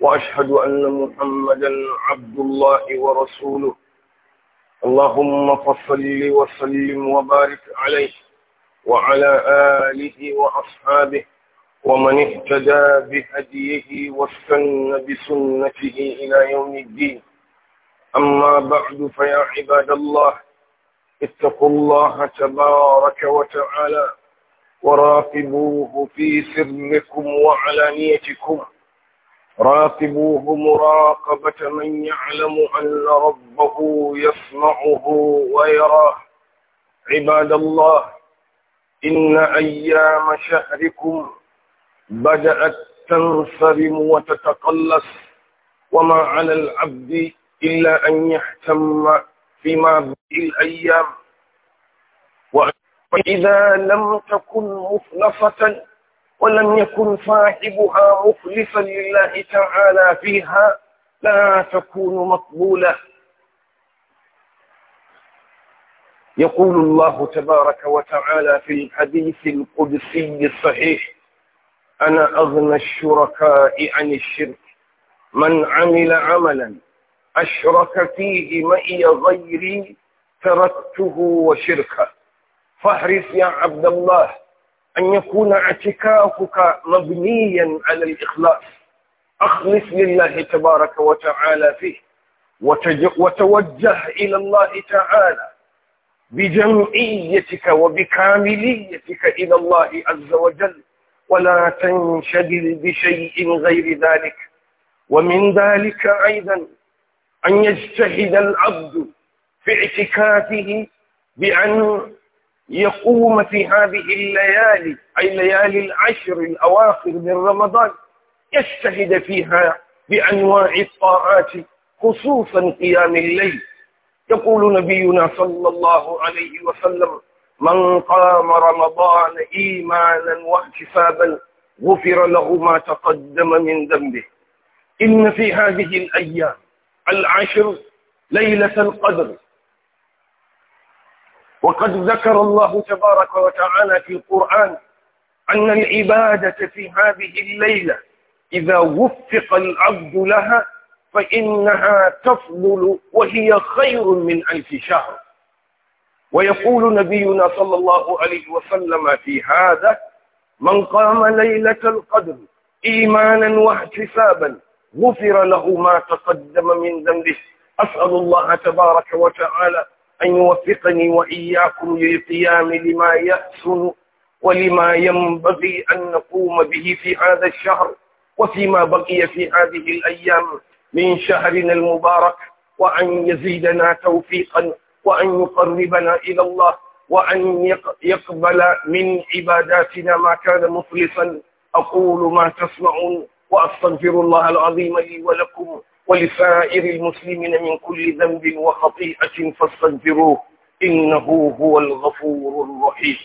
وأشهد أن محمدا عبد الله ورسوله اللهم فصل وسلم وبارك عليه وعلى آله وأصحابه ومن اهتدى بهديه واستنى بسنته إلى يوم الدين أما بعد فيا عباد الله اتقوا الله تبارك وتعالى وراقبوه في سركم وعلانيتكم راقبوه مراقبة من يعلم أن ربه يسمعه ويراه عباد الله إن أيام شهركم بدأت تنصرم وتتقلص وما على العبد إلا أن يهتم فيما به الأيام وإذا لم تكن مخلصة ولم يكن صاحبها مخلصا لله تعالى فيها لا تكون مقبولة يقول الله تبارك وتعالى في الحديث القدسي الصحيح أنا أغنى الشركاء عن الشرك من عمل عملا أشرك فيه مئي غيري تركته وشركه فاحرص يا عبد الله أن يكون اعتكافك مبنيا على الإخلاص أخلص لله تبارك وتعالى فيه وتوجه إلى الله تعالى بجمعيتك وبكامليتك إلى الله عز وجل ولا تنشغل بشيء غير ذلك ومن ذلك أيضا أن يجتهد العبد في اعتكافه بأن يقوم في هذه الليالي أي ليالي العشر الأواخر من رمضان يجتهد فيها بأنواع الطاعات خصوصا قيام الليل يقول نبينا صلى الله عليه وسلم من قام رمضان إيمانا واحتسابا غفر له ما تقدم من ذنبه إن في هذه الأيام العشر ليلة القدر وقد ذكر الله تبارك وتعالى في القرآن أن العبادة في هذه الليلة إذا وفق العبد لها فإنها تفضل وهي خير من ألف شهر ويقول نبينا صلى الله عليه وسلم في هذا من قام ليلة القدر إيمانا واحتسابا غفر له ما تقدم من ذنبه أسأل الله تبارك وتعالى أن يوفقني وإياكم للقيام لما يحسن ولما ينبغي أن نقوم به في هذا الشهر وفيما بقي في هذه الأيام من شهرنا المبارك وأن يزيدنا توفيقا وأن يقربنا إلى الله وأن يقبل من عباداتنا ما كان مخلصا أقول ما تسمعون وأستغفر الله العظيم لي ولكم ولسائر المسلمين من كل ذنب وخطيئة فاستغفروه إنه هو الغفور الرحيم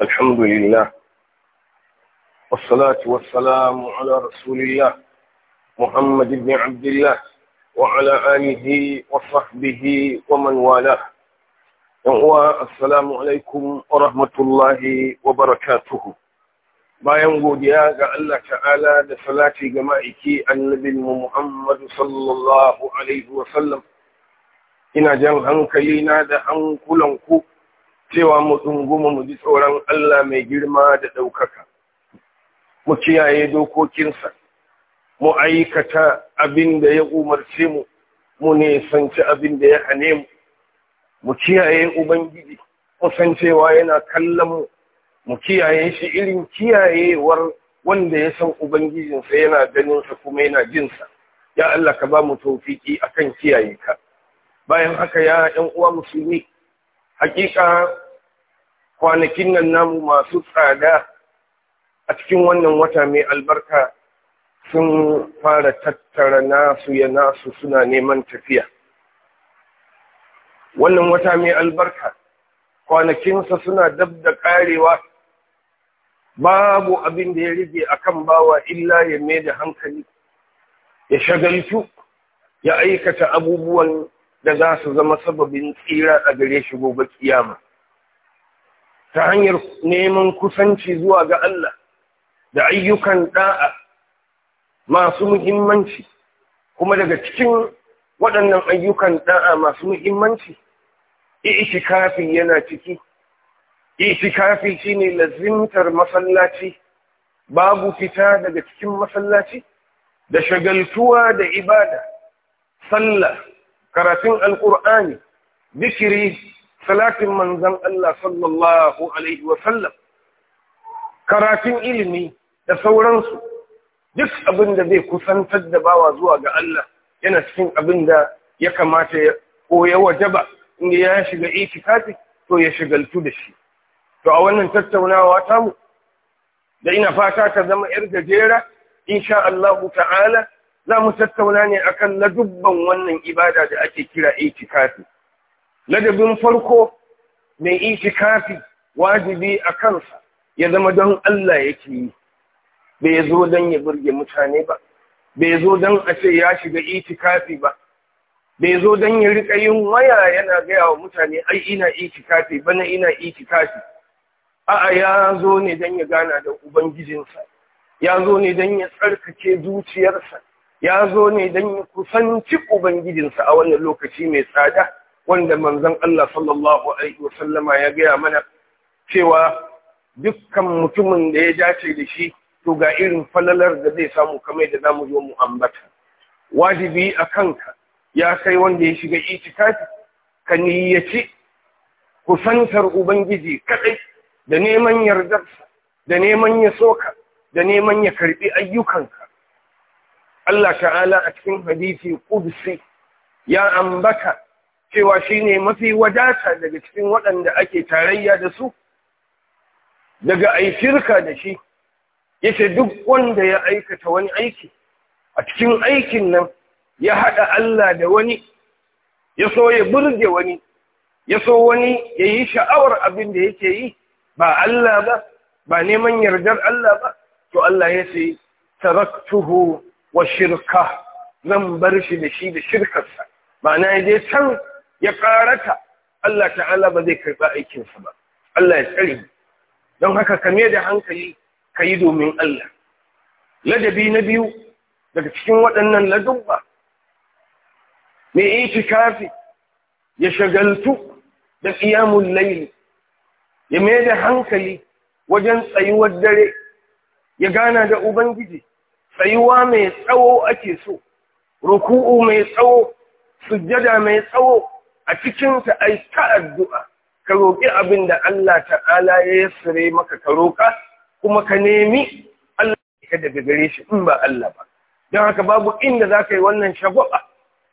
الحمد لله والصلاة والسلام على رسول الله محمد بن عبد الله وعلى آله وصحبه ومن والاه السلام alaikum wa rahmatullahi wa barakatuhu bayan godiya ga Allah ta'ala da salati ga ma'aiki annabinmu mu Muhammadu sallallahu alaihi wa sallam ina jan hankali na da hankulan ku cewa mu tsunguma mu ji tsoron Allah mai girma da ɗaukaka mu kiyaye dokokinsa mu aikata abin da ya umarce mu mu ne abin da ya hane mu mu kiyaye ubangiji mu yana kallon mu mu kiyaye shi irin kiyayewar wanda ya san ubangijinsa yana ganin sa kuma yana jinsa. sa ya Allah ka ba mu a kan kiyaye ka bayan haka ya 'yan uwa musulmi hakika kwanakin nan namu masu tsada a cikin wannan wata mai albarka sun fara tattara nasu ya nasu suna neman tafiya wannan wata mai albarka kwanakinsa suna dab da karewa babu abin da ya rige kan bawa illa ya mai da hankali ya shagaltu ya aikata abubuwan da za su zama sababin tsira a gare shi gobe kiyama ta hanyar neman kusanci zuwa ga Allah da ayyukan ɗa'a. masu muhimmanci kuma daga cikin waɗannan ayyukan ɗa'a masu muhimmanci kafi yana ciki itikafi shine lazimtar masallaci babu fita daga cikin masallaci da shagaltuwa da ibada sallah karatun alƙur'ani zikiri salatin manzan Allah sallallahu alaihi wasallam karatun ilimi da sauransu duk abin da zai kusantar da bawa zuwa ga Allah yana cikin abin da ya kamata ya ko ya wajaba inda ya shiga itikafi to ya shigaltu da shi to a wannan tattaunawa tamu da ina fata ta zama yar gajera insha Allah ta'ala za mu tattauna ne akan ladubban wannan ibada da ake kira itikafi ladabin farko mai itikafi wajibi a kansa ya zama don Allah yake yi bai zo don ya burge mutane ba bai zo don a ce ya shiga itikafi ba bai zo don ya rika yin waya yana gaya wa mutane ai ina itikafi na ina itikafi a'a ya zo ne don ya gana da ubangijinsa ya zo ne don ya tsarkake zuciyarsa ya zo ne don ya kusanci ubangijinsa a wannan lokaci mai tsada wanda manzon Allah sallallahu alaihi wasallama ya gaya mana cewa dukkan mutumin da ya dace da shi to ga irin falalar da zai samu kamar da zamu zo mu ambata wajibi a kanka ya kai wanda ya shiga itikafi ka niyyaci kusantar ubangiji kadai da neman yardarsa da neman ya soka da neman ya karbi ayyukanka Allah ta'ala a cikin hadisi qudsi ya ambata cewa shine mafi wadata daga cikin waɗanda ake tarayya da su daga ai shirka da shi yace duk wanda ya aikata wani aiki a cikin aikin nan ya haɗa Allah da wani ya so ya burge wani ya so wani ya yi sha'awar abin da yake yi ba Allah ba ba neman yardar Allah ba to Allah ya ce taraktuhu wa shirka zan bar shi da shi da shirkarsa ma'ana ya je can ya karata Allah ta'ala ba zai karɓa aikinsa ba Allah ya tsare don haka kame da hankali ka yi domin Allah ladabi na biyu daga cikin waɗannan ladubba mai itikafi ya shagaltu da ƙiyamun laili ya mai da hankali wajen tsayuwar dare ya gana da ubangiji tsayuwa mai tsawo ake so ruku'u mai tsawo sujjada mai tsawo a cikin ai addu'a ka roƙi abin da Allah ta'ala ya yi sire maka ka roƙa kuma ka nemi Allah ka daga gare shi in ba Allah ba don haka babu inda za ka yi wannan shagwaba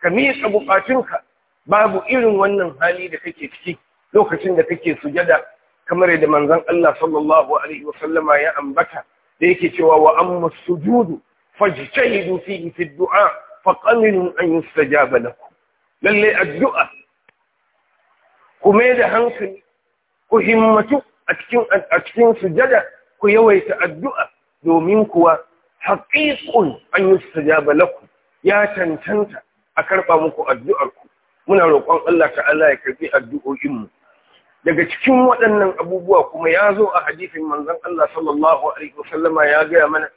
ka miƙa buƙatunka babu irin wannan hali da kake ciki lokacin da kake sujada kamar yadda manzon Allah sallallahu alaihi wa sallama ya ambata da yake cewa wa amma sujudu fajtahidu fihi fi du'a fa qamin an yustajaba lakum lalle addu'a ku mai da hankali ku himmatu a cikin a cikin sujada ku yawaita addu'a domin kuwa haƙiƙun an yi sujaba ya cancanta a karɓa muku addu'arku muna roƙon Allah ta'ala ya karɓi addu'o'inmu daga cikin waɗannan abubuwa kuma ya zo a hadisin manzon Allah sallallahu alaihi wasallama ya gaya mana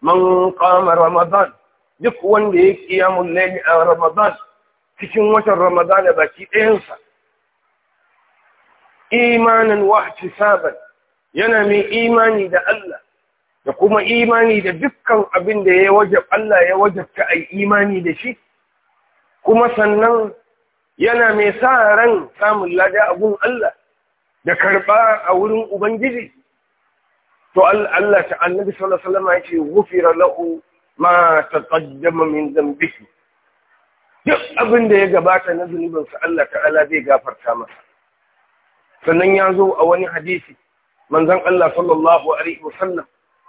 man qama ramadan duk wanda ya qiyamul layli a ramadan cikin watan ramadan baki ɗayansa imanin wa ihtisaban yana mai imani da Allah da kuma imani da dukkan abin da ya wajab Allah ya wajabta a imani da shi kuma sannan yana mai sa ran samun lada abun Allah da karɓa a wurin Ubangiji to Allah ta annabi sallallahu alaihi wasallam ya ce lahu ma taqaddama min dhanbihi duk abin da ya gabata na zunubinsa Allah ta'ala zai gafarta masa sannan ya zo a wani hadisi manzon Allah sallallahu alaihi wasallam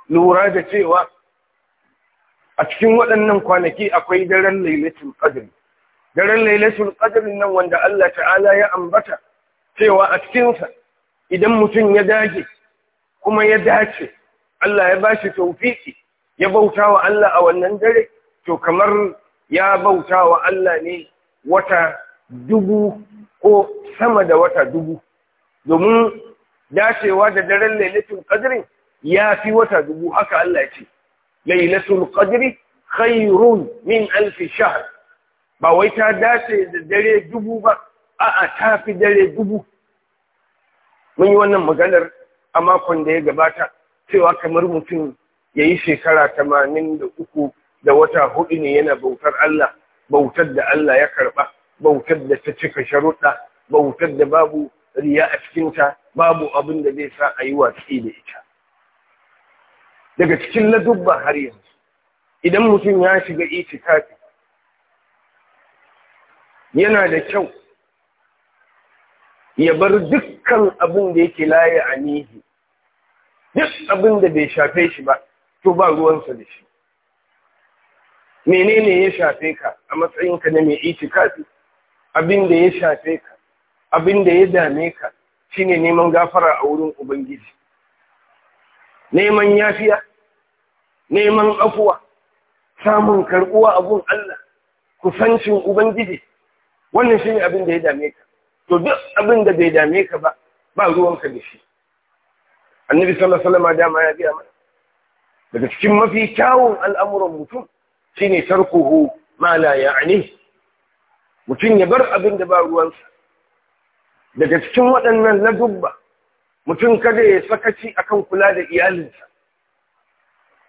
lura da cewa a cikin waɗannan kwanaki akwai daren lailatul qadr daren lailatul qadr nan wanda Allah ta'ala ya ambata cewa a cikinsa idan mutum ya dage kuma ya dace Allah ya bashi tawfiki ya bautawa Allah a wannan dare to kamar ya bautawa Allah ne wata dubu ko sama da wata dubu domin dacewa da daren lailatul qadri ya fi wata dubu haka Allah ya ce lailatul qadri khairun min alf shahr ba wai ta dace da dare dubu ba a'a ta fi dare dubu mun yi wannan maganar a makon da ya gabata cewa kamar mutum ya yi shekara tamanin da uku da wata hudu ne yana bautar Allah bautar da Allah ya karba bautar da ta cika sharuɗa bautar da babu riya a cikinta babu abin da zai sa a yi watsi da ita daga cikin ladubba har yanzu idan mutum ya shiga itikafi yana da kyau ya bar dukkan abin da yake laye a nihi duk abin da bai shafe shi ba to ba ruwansa da shi menene ya shafe ka a matsayinka na mai itikafi abin da ya shafe ka abin da ya dame ka shine neman gafara a wurin ubangiji neman yafiya neman afuwa samun karbuwa abun Allah kusancin ubangiji wannan shine abin da ya dame ka to duk abin da bai dame ka ba ba ruwanka da shi annabi sallallahu dama ya biya mana daga cikin mafi kyawun al'amuran mutum shine tarkuhu ma la mutum ya bar abin da ba ruwansa daga cikin waɗannan na dubba mutum kada ya sakaci akan kula da iyalinsa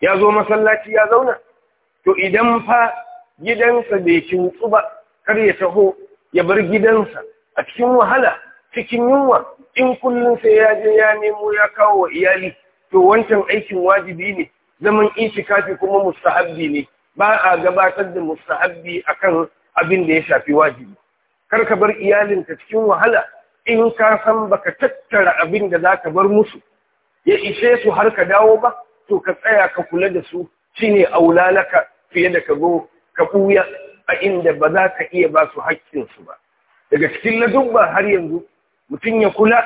ya zo masallaci ya zauna to idan fa gidansa bai kintsu ba kar ya taho ya bar gidansa a cikin wahala cikin yunwa in kullum sai ya je ya nemo ya kawo wa iyali to wancan aikin wajibi ne zaman itikafi kuma mustahabbi ne ba a gabatar da mustahabbi akan abin da ya shafi wajibi kar ka bar iyalinka cikin wahala in ka san baka tattara abin da za ka bar musu ya ishe su har ka dawo ba to ka tsaya ka kula da su shine a wulalaka fiye da ka zo ka ɓuya a inda ba za ka iya ba su haƙƙinsu ba daga cikin ladubba har yanzu mutum ya kula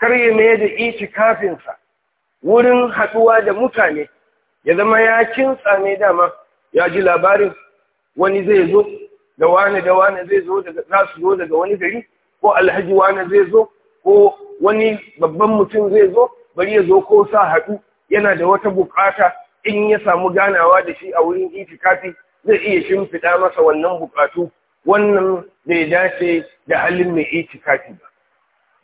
kar ya mai da kafinsa. wurin haɗuwa da mutane ya zama ya kintsa ne dama ya ji labarin wani zai zo da wani da wani zai zo za su zo daga wani gari ko alhaji wani zai zo ko wani babban mutum zai zo bari ya zo ko sa haɗu yana da wata bukata in ya samu ganawa da shi a wurin itikafi zai iya shimfiɗa masa wannan buƙatu. wannan bai dace da halin mai itikafi ba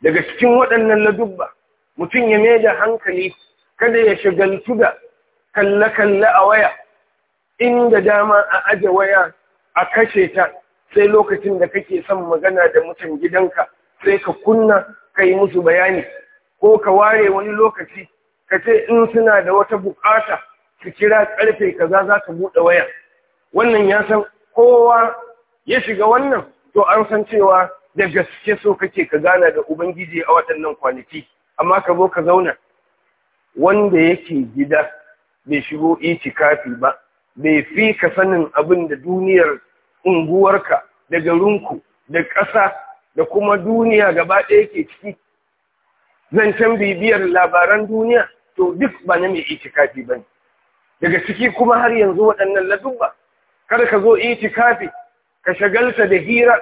daga cikin waɗannan ladubba mutum ya mai da hankali kada ya shagaltu da kalle-kalle a waya inda dama a aje waya a kashe ta sai lokacin da kake son magana da mutan gidanka sai ka kunna ka yi musu bayani ko ka ware wani lokaci ka ce in suna da wata bukata su kira karfe kaza za ka buɗe waya wannan ya san kowa ya shiga wannan to an san cewa da gaske so kake ka gana da ubangiji a waɗannan kwanaki amma ka zo ka zauna wanda yake gida bai shigo itikafi ba bai fi ka sanin abin da duniyar unguwarka da garinku da ƙasa da kuma duniya gaba ɗaya ke ciki zancen bibiyar labaran duniya to duk ba na mai itikafi ba ne daga ciki kuma har yanzu waɗannan ladubba kar ka zo itikafi ka shagalta da hira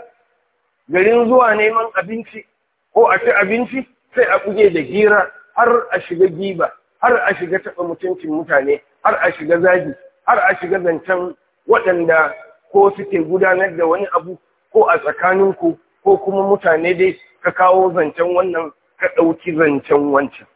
garin zuwa neman abinci ko a ci abinci sai a buge da hira har a shiga giba har a shiga taɓa mutuncin mutane har a shiga zagi har a shiga zancen waɗanda ko suke gudanar da wani abu ko a tsakaninku ko kuma mutane dai ka kawo zancen wannan ka ɗauki zancen wancan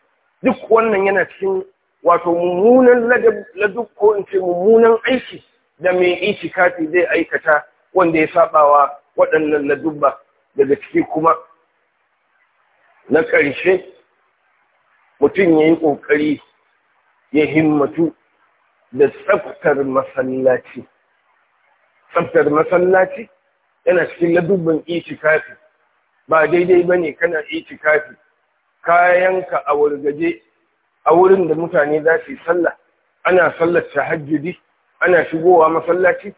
duk wannan yana cikin wato mummunan ladab ko in ce mummunan aiki da mai itikafi zai aikata wanda ya sabawa waɗannan ladubba daga ciki kuma na ƙarshe mutum ya yi ƙoƙari ya himmatu da tsaftar masallaci tsaftar masallaci yana cikin ladubban itikafi ba daidai ba ne kana itikafi kayanka a wargaje a wurin da mutane za su yi sallah ana sallar shahajjudi ana shigowa masallaci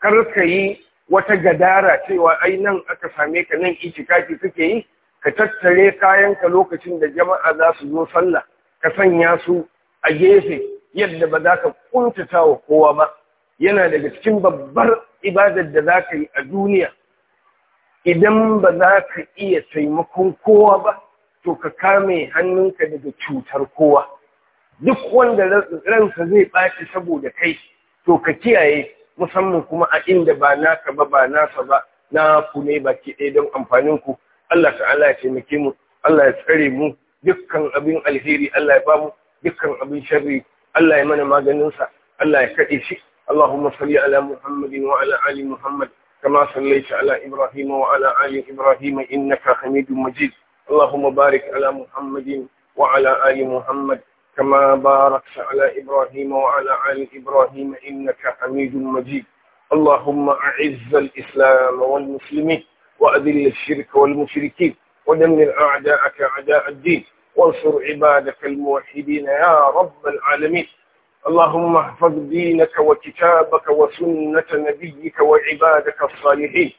kar ka yi wata gadara cewa ai nan aka same ka nan itikafi kake yi ka tattare kayanka lokacin da jama'a za su zo sallah ka sanya su a gefe yadda ba za ka kuntata wa kowa ba yana daga cikin babbar ibadar da za ka yi a duniya idan ba za ka iya taimakon kowa ba to ka kame hannunka daga cutar kowa duk wanda ransa zai ɓaci saboda kai to ka kiyaye musamman kuma a inda ba naka ba ba nasa ba na ku ne baki ɗaya don amfanin ku Allah ta'ala ya taimake mu Allah ya tsare mu dukkan abin alheri Allah ya mu dukkan abin sharri Allah ya mana maganinsa Allah ya kaɗe shi اللهم صل على محمد وعلى آل محمد كما صليت على إبراهيم وعلى آل إبراهيم إنك حميد مجيد اللهم بارك على محمد وعلى آل محمد كما باركت على إبراهيم وعلى آل إبراهيم إنك حميد مجيد اللهم أعز الإسلام والمسلمين وأذل الشرك والمشركين ودمر أعداءك أعداء الدين وانصر عبادك الموحدين يا رب العالمين اللهم احفظ دينك وكتابك وسنة نبيك وعبادك الصالحين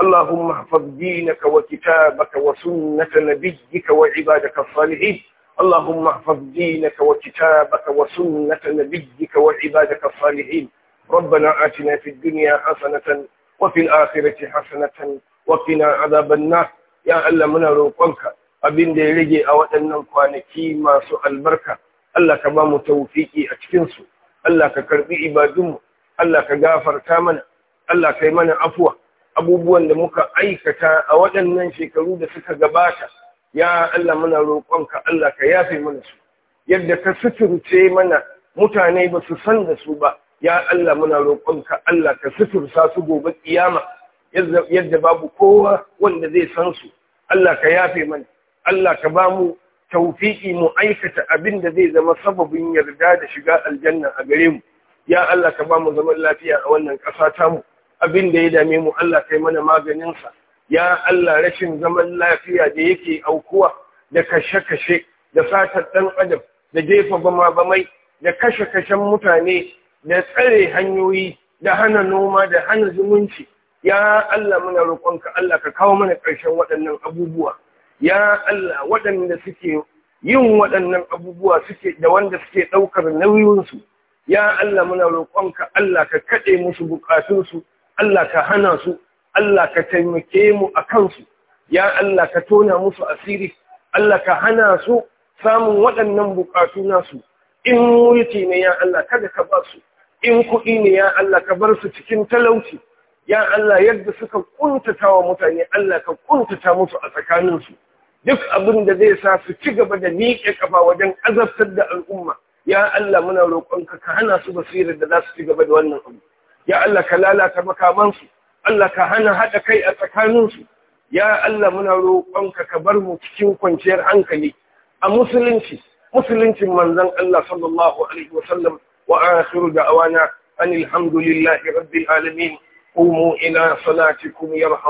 اللهم احفظ دينك وكتابك وسنة نبيك وعبادك الصالحين اللهم احفظ دينك وكتابك وسنة نبيك وعبادك الصالحين ربنا آتنا في الدنيا حسنة وفي الآخرة حسنة وقنا عذاب النار يا ألمنا من روقك abin da ya rage a waɗannan kwanaki Allah ka ba mu tawfiki a cikin su Allah ka karbi ibadunmu Allah ka gafarta mana Allah Kai mana afuwa abubuwan da muka aikata a waɗannan shekaru da suka gabata ya Allah muna roƙonka Allah ka yafe mana su yadda ka suturce mana mutane ba su san da su ba ya Allah muna roƙonka Allah ka suturta su gobe kiyama yadda babu kowa wanda zai san su Allah ka yafe mana Allah ka ba mu Taufiƙi mu aikata abin da zai zama sababin yarda da shiga aljanna a gare mu ya Allah ka ba mu zaman lafiya a wannan ƙasa ta mu abin da ya dame mu Allah kai mana maganin sa ya Allah rashin zaman lafiya da yake aukuwa da kashe-kashe da satar dan adam da jefa bama bamai da kashe-kashen mutane da tsare hanyoyi da hana noma da hana zumunci ya Allah muna roƙonka Allah ka kawo mana ƙarshen waɗannan abubuwa ya Allah waɗanda suke yin waɗannan abubuwa suke da wanda suke ɗaukar nauyinsu ya Allah muna roƙonka Allah ka kaɗe musu buƙatunsu Allah ka hana su Allah ka taimake mu a kansu ya Allah ka tona musu asiri Allah ka hana su samun waɗannan buƙatu nasu in mulki ne ya Allah kada ka ba su in kuɗi ne ya Allah ka bar su cikin talauci ya Allah yadda suka kuntata wa mutane Allah ka kuntata musu a tsakaninsu duk abin da zai sa su ci gaba da miƙe kafa wajen azabtar da al'umma ya Allah muna roƙonka ka hana su basirar da za su ci gaba da wannan abu ya Allah ka lalata makamansu Allah ka hana haɗa kai a tsakaninsu ya Allah muna roƙonka ka bar mu cikin kwanciyar hankali a musulunci musuluncin manzon Allah sallallahu alaihi wa sallam wa akhiru da'wana anil hamdulillahi rabbil alamin قوموا إلى صلاتكم يرحم